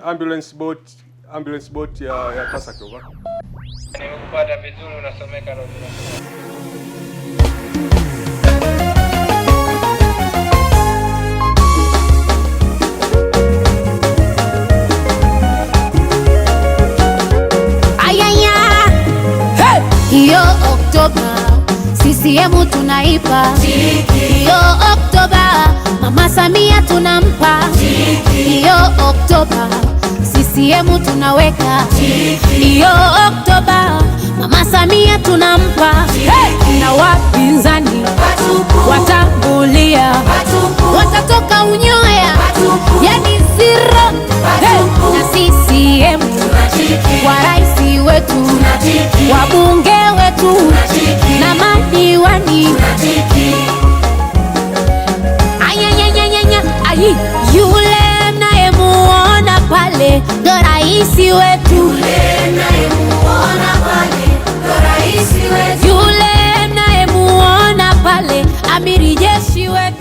Ambulance boat, ambulance boat ya ya kasa kwa Nimekupata vizuri, unasomeka roho. Ayaya. Hey! Hiyo Oktoba CCM tunaipa. Hiyo Oktoba Mama Samia tunampa. Hiyo Oktoba CCM tunaweka iyo Oktoba, Mama Samia tunampa hey! na wapinzani watambulia, watatoka unyoya yani zero hey! na CCM wa rais wetu wabunge wetu na madiwani yule rais wetu yule nayemuona pale, amiri jeshi wetu